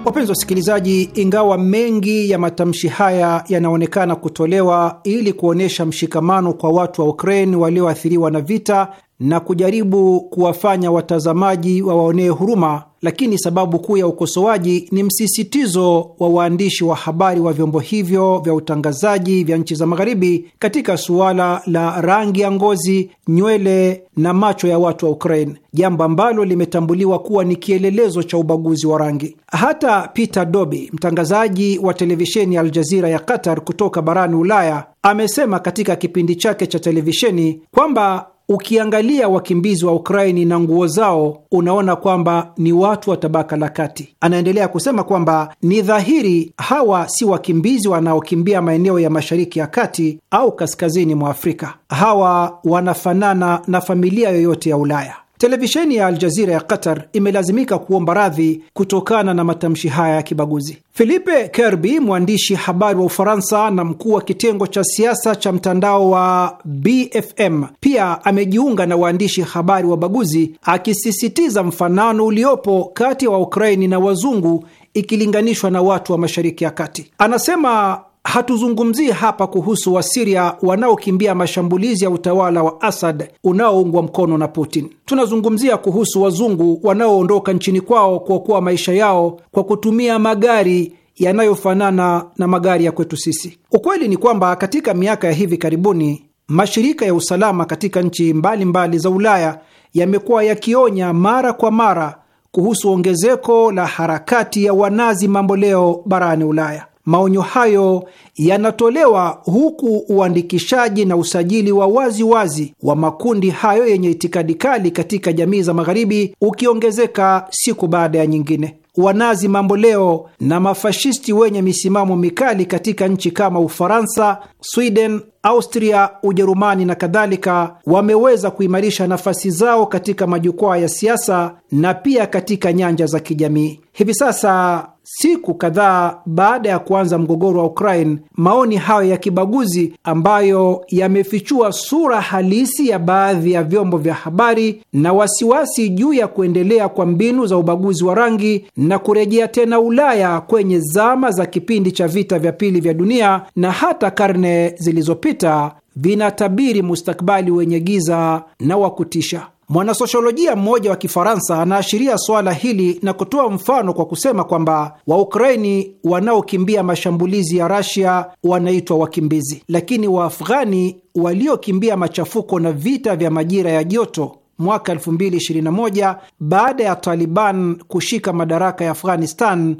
Wapenzi wasikilizaji, ingawa mengi ya matamshi haya yanaonekana kutolewa ili kuonyesha mshikamano kwa watu wa Ukraine walioathiriwa na vita na kujaribu kuwafanya watazamaji wawaonee huruma, lakini sababu kuu ya ukosoaji ni msisitizo wa waandishi wa habari wa vyombo hivyo vya utangazaji vya nchi za Magharibi katika suala la rangi ya ngozi, nywele na macho ya watu wa Ukraine, jambo ambalo limetambuliwa kuwa ni kielelezo cha ubaguzi wa rangi. Hata Peter Dobi, mtangazaji wa televisheni ya Aljazira ya Qatar kutoka barani Ulaya, amesema katika kipindi chake cha televisheni kwamba Ukiangalia wakimbizi wa Ukraini na nguo zao unaona kwamba ni watu wa tabaka la kati. Anaendelea kusema kwamba ni dhahiri hawa si wakimbizi wanaokimbia maeneo ya Mashariki ya Kati au kaskazini mwa Afrika. Hawa wanafanana na familia yoyote ya Ulaya. Televisheni ya Aljazira ya Qatar imelazimika kuomba radhi kutokana na matamshi haya ya kibaguzi. Philippe Kerby, mwandishi habari wa Ufaransa na mkuu wa kitengo cha siasa cha mtandao wa BFM, pia amejiunga na waandishi habari wabaguzi, akisisitiza mfanano uliopo kati ya wa Waukraini na wazungu ikilinganishwa na watu wa Mashariki ya Kati. Anasema hatuzungumzii hapa kuhusu Wasiria wanaokimbia mashambulizi ya utawala wa Asad unaoungwa mkono na Putin. Tunazungumzia kuhusu wazungu wanaoondoka nchini kwao kuokoa maisha yao kwa kutumia magari yanayofanana na magari ya kwetu sisi. Ukweli ni kwamba katika miaka ya hivi karibuni mashirika ya usalama katika nchi mbalimbali mbali za Ulaya yamekuwa yakionya mara kwa mara kuhusu ongezeko la harakati ya wanazi mamboleo barani Ulaya. Maonyo hayo yanatolewa huku uandikishaji na usajili wa wazi wazi wa makundi hayo yenye itikadi kali katika jamii za magharibi ukiongezeka siku baada ya nyingine. Wanazi mambo leo na mafashisti wenye misimamo mikali katika nchi kama Ufaransa, Sweden, Austria, Ujerumani na kadhalika wameweza kuimarisha nafasi zao katika majukwaa ya siasa na pia katika nyanja za kijamii. Hivi sasa Siku kadhaa baada ya kuanza mgogoro wa Ukraine, maoni hayo ya kibaguzi ambayo yamefichua sura halisi ya baadhi ya vyombo vya habari na wasiwasi juu ya kuendelea kwa mbinu za ubaguzi wa rangi na kurejea tena Ulaya kwenye zama za kipindi cha vita vya pili vya dunia na hata karne zilizopita vinatabiri mustakabali wenye giza na wa kutisha. Mwanasosiolojia mmoja wa Kifaransa anaashiria suala hili na kutoa mfano kwa kusema kwamba Waukraini wanaokimbia mashambulizi ya Rasia wanaitwa wakimbizi, lakini Waafghani waliokimbia machafuko na vita vya majira ya joto mwaka 2021 baada ya Taliban kushika madaraka ya Afghanistan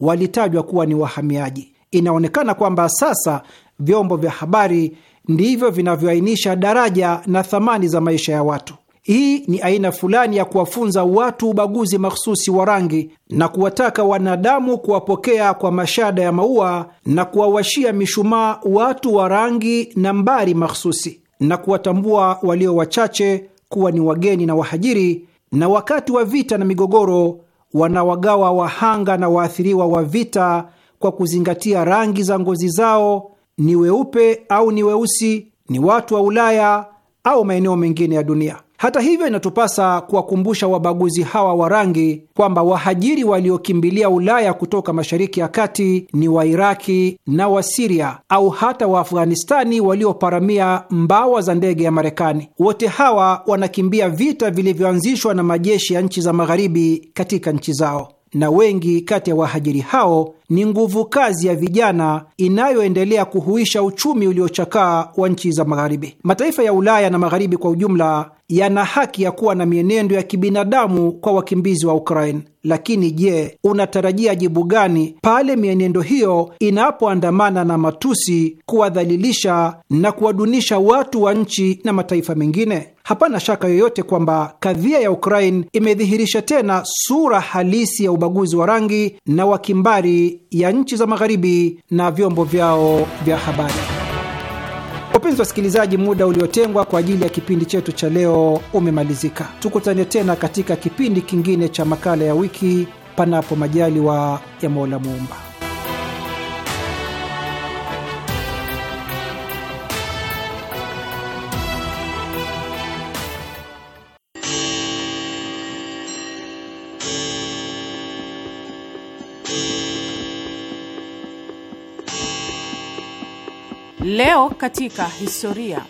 walitajwa kuwa ni wahamiaji. Inaonekana kwamba sasa vyombo vya habari ndivyo vinavyoainisha daraja na thamani za maisha ya watu. Hii ni aina fulani ya kuwafunza watu ubaguzi mahsusi wa rangi na kuwataka wanadamu kuwapokea kwa mashada ya maua na kuwawashia mishumaa watu wa rangi na mbari mahsusi na kuwatambua walio wachache kuwa ni wageni na wahajiri, na wakati wa vita na migogoro wanawagawa wahanga na waathiriwa wa vita kwa kuzingatia rangi za ngozi zao, ni weupe au ni weusi, ni watu wa Ulaya au maeneo mengine ya dunia. Hata hivyo, inatupasa kuwakumbusha wabaguzi hawa wa rangi kwamba wahajiri waliokimbilia Ulaya kutoka Mashariki ya Kati ni Wairaki na Wasiria au hata Waafghanistani walioparamia mbawa za ndege ya Marekani. Wote hawa wanakimbia vita vilivyoanzishwa na majeshi ya nchi za Magharibi katika nchi zao, na wengi kati ya wahajiri hao ni nguvu kazi ya vijana inayoendelea kuhuisha uchumi uliochakaa wa nchi za Magharibi. Mataifa ya Ulaya na Magharibi kwa ujumla yana haki ya kuwa na mienendo ya kibinadamu kwa wakimbizi wa Ukraine, lakini je, unatarajia jibu gani pale mienendo hiyo inapoandamana na matusi, kuwadhalilisha na kuwadunisha watu wa nchi na mataifa mengine? Hapana shaka yoyote kwamba kadhia ya Ukraine imedhihirisha tena sura halisi ya ubaguzi wa rangi na wakimbari ya nchi za magharibi na vyombo vyao vya habari. Wapenzi wasikilizaji, muda uliotengwa kwa ajili ya kipindi chetu cha leo umemalizika. Tukutane tena katika kipindi kingine cha makala ya wiki, panapo majaliwa ya Mola Muumba. Leo katika historia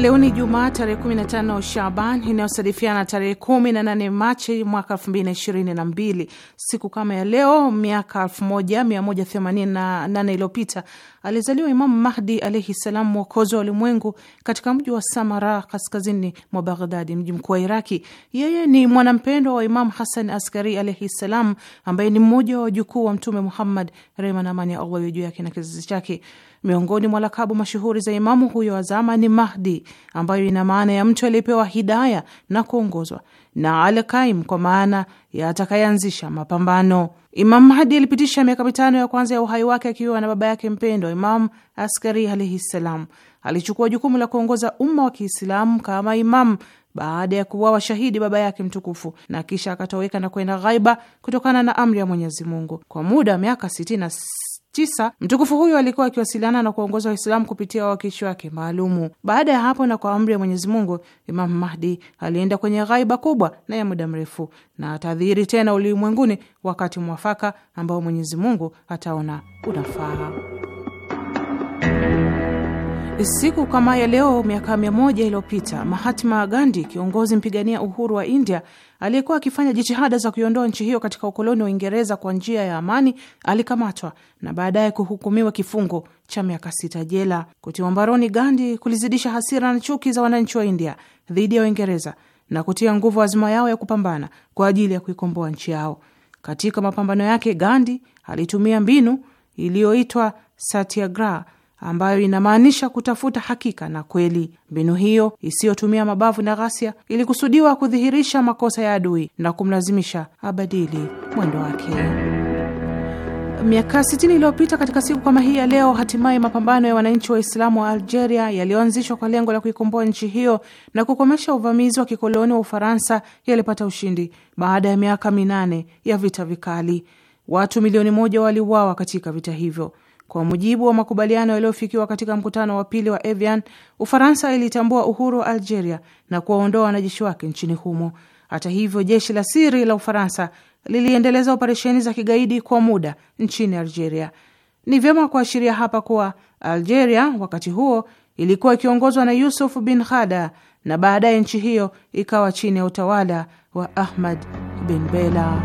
Leo ni Jumaa tarehe 15 Shaban inayosadifiana tarehe 18 Machi mwaka 2022. Siku kama ya leo miaka 1188 iliyopita alizaliwa Imamu Mahdi alaihi salam, mwokozi wa ulimwengu, katika mji wa Samara kaskazini mwa Baghdadi, mji mkuu wa Iraki. Yeye ni mwanampendwa wa Imamu Hasan Askari alaihi salam, ambaye ni mmoja wa wajukuu wa Mtume Muhammad, rehma na amani ya Allah juu yake na kizazi chake. Miongoni mwa lakabu mashuhuri za imamu huyo wa zama ni Mahdi, ambayo ina maana ya mtu aliyepewa hidaya na kuongozwa, na al kaim kwa maana ya atakayeanzisha mapambano. imam Mahdi alipitisha miaka mitano ya kwanza ya uhai wake akiwa na baba yake mpendwa imam Askari alaihi ssalam. Alichukua jukumu la kuongoza umma wa Kiislamu kama imamu baada ya kuwa washahidi baba yake mtukufu na kisha akatoweka na kwenda ghaiba kutokana na amri ya Mwenyezi Mungu kwa muda wa miaka sitini na tisa, mtukufu huyo alikuwa akiwasiliana na kuongoza Waislamu kupitia wawakilishi wake maalumu. Baada ya hapo na kwa amri ya Mwenyezi Mungu, Imamu Mahdi alienda kwenye ghaiba kubwa na ya muda mrefu, na atadhihiri tena ulimwenguni wakati mwafaka ambao Mwenyezi Mungu ataona unafaa. Siku kama ya leo miaka mia moja iliyopita Mahatma Gandhi, kiongozi mpigania uhuru wa India aliyekuwa akifanya jitihada za kuiondoa nchi hiyo katika ukoloni wa Uingereza kwa njia ya amani, alikamatwa na baadaye kuhukumiwa kifungo cha miaka sita jela. Kutiwa mbaroni Gandhi kulizidisha hasira na chuki za wananchi wa India dhidi ya Uingereza na kutia nguvu azima yao ya kupambana kwa ajili ya kuikomboa nchi yao. Katika mapambano yake, Gandhi alitumia mbinu iliyoitwa satyagraha ambayo inamaanisha kutafuta hakika na kweli. Mbinu hiyo isiyotumia mabavu na ghasia ilikusudiwa kudhihirisha makosa ya adui na kumlazimisha abadili mwendo wake. Miaka 60 iliyopita katika siku kama hii ya leo, hatimaye mapambano ya wananchi Waislamu wa Algeria yaliyoanzishwa kwa lengo la kuikomboa nchi hiyo na kukomesha uvamizi wa kikoloni wa Ufaransa yalipata ushindi baada ya miaka minane ya vita vikali. Watu milioni moja waliuawa katika vita hivyo. Kwa mujibu wa makubaliano yaliyofikiwa katika mkutano wa pili wa Evian, Ufaransa ilitambua uhuru wa Algeria na kuwaondoa wanajeshi wake nchini humo. Hata hivyo, jeshi la siri la Ufaransa liliendeleza operesheni za kigaidi kwa muda nchini Algeria. Ni vyema kuashiria hapa kuwa Algeria wakati huo ilikuwa ikiongozwa na Yusuf bin Khada na baadaye nchi hiyo ikawa chini ya utawala wa Ahmad bin Bela.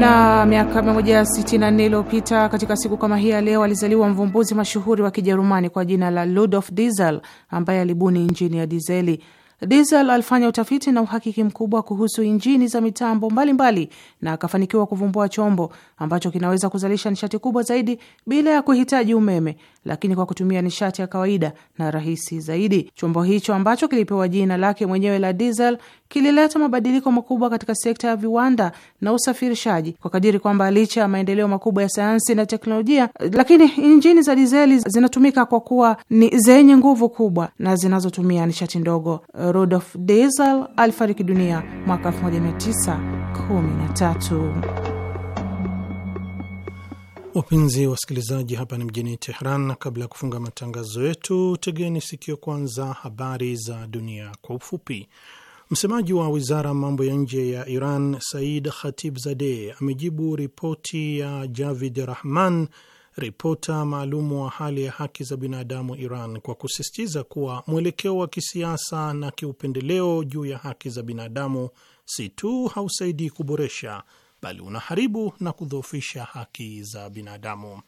Na miaka 164 iliyopita katika siku kama hii ya leo alizaliwa mvumbuzi mashuhuri wa Kijerumani kwa jina la ludof Diesel ambaye alibuni injini ya dizeli. Diesel alifanya utafiti na uhakiki mkubwa kuhusu injini za mitambo mbalimbali mbali, na akafanikiwa kuvumbua chombo ambacho kinaweza kuzalisha nishati kubwa zaidi bila ya kuhitaji umeme, lakini kwa kutumia nishati ya kawaida na rahisi zaidi. Chombo hicho ambacho kilipewa jina lake mwenyewe la diesel kilileta mabadiliko makubwa katika sekta ya viwanda na usafirishaji kwa kadiri kwamba licha ya maendeleo makubwa ya sayansi na teknolojia, lakini injini za dizeli zinatumika kwa kuwa ni zenye nguvu kubwa na zinazotumia nishati ndogo. Rudolf Diesel alifariki dunia mwaka 1913. Wapenzi wasikilizaji, hapa ni mjini Teheran, na kabla ya kufunga matangazo yetu, tegeni sikio kwanza habari za dunia kwa ufupi. Msemaji wa wizara mambo ya nje ya Iran Said khatib zade amejibu ripoti ya Javid Rahman, ripota maalumu wa hali ya haki za binadamu Iran, kwa kusisitiza kuwa mwelekeo wa kisiasa na kiupendeleo juu ya haki za binadamu si tu hausaidii kuboresha, bali unaharibu na kudhoofisha haki za binadamu.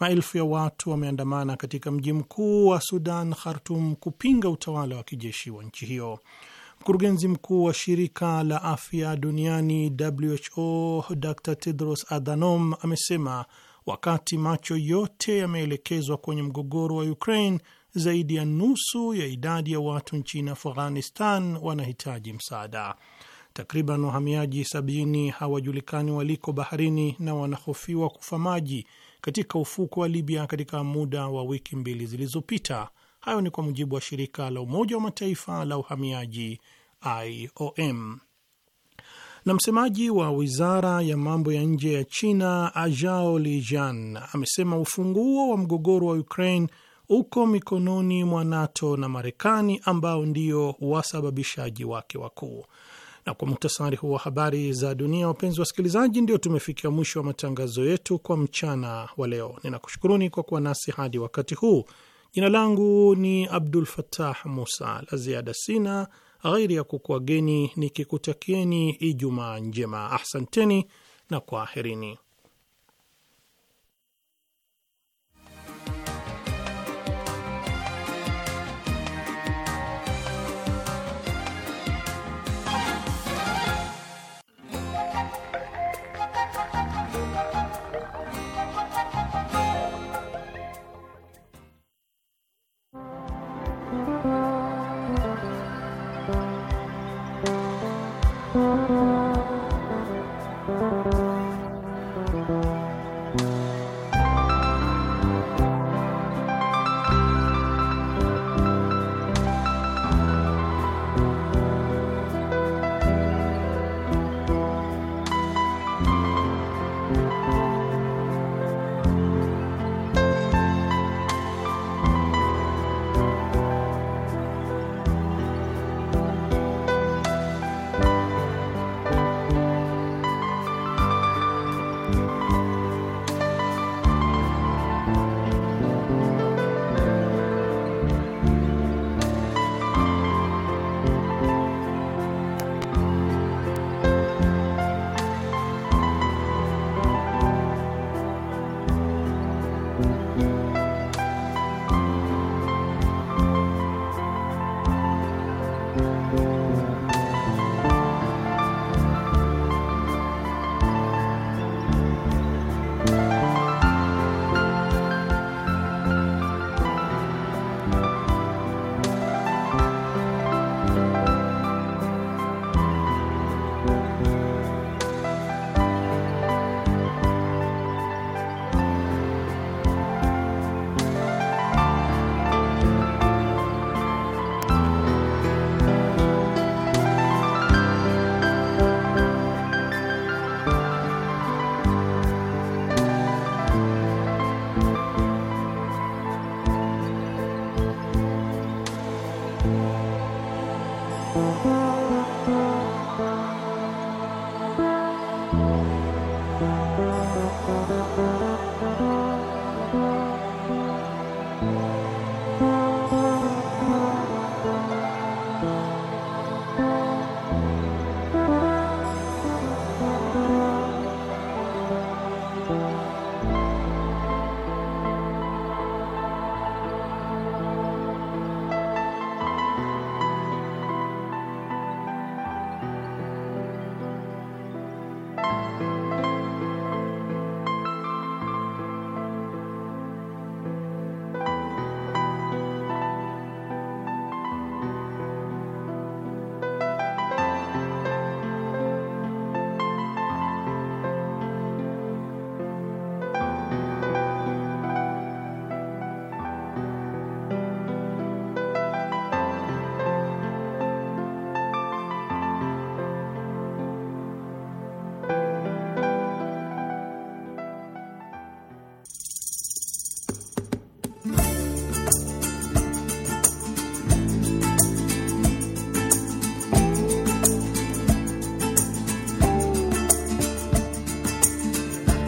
Maelfu ya watu wameandamana katika mji mkuu wa Sudan, Khartum, kupinga utawala wa kijeshi wa nchi hiyo. Mkurugenzi mkuu wa shirika la afya duniani WHO Dr Tedros Adhanom amesema wakati macho yote yameelekezwa kwenye mgogoro wa Ukraine, zaidi ya nusu ya idadi ya watu nchini Afghanistan wanahitaji msaada. Takriban wahamiaji sabini hawajulikani waliko baharini na wanahofiwa kufa maji katika ufuko wa Libya katika muda wa wiki mbili zilizopita Hayo ni kwa mujibu wa shirika la Umoja wa Mataifa la uhamiaji IOM. Na msemaji wa wizara ya mambo ya nje ya China Ajao Lijian amesema ufunguo wa mgogoro wa Ukraine uko mikononi mwa NATO na Marekani ambao ndio wasababishaji wake wakuu. Na kwa muktasari huu wa habari za dunia, wapenzi wasikilizaji, ndio tumefikia mwisho wa matangazo yetu kwa mchana wa leo. Ninakushukuruni kwa kuwa nasi hadi wakati huu. Jina langu ni Abdul Fattah Musa. La ziada sina ghairi ya kukuageni nikikutakieni Ijumaa njema. Ahsanteni na kwaherini.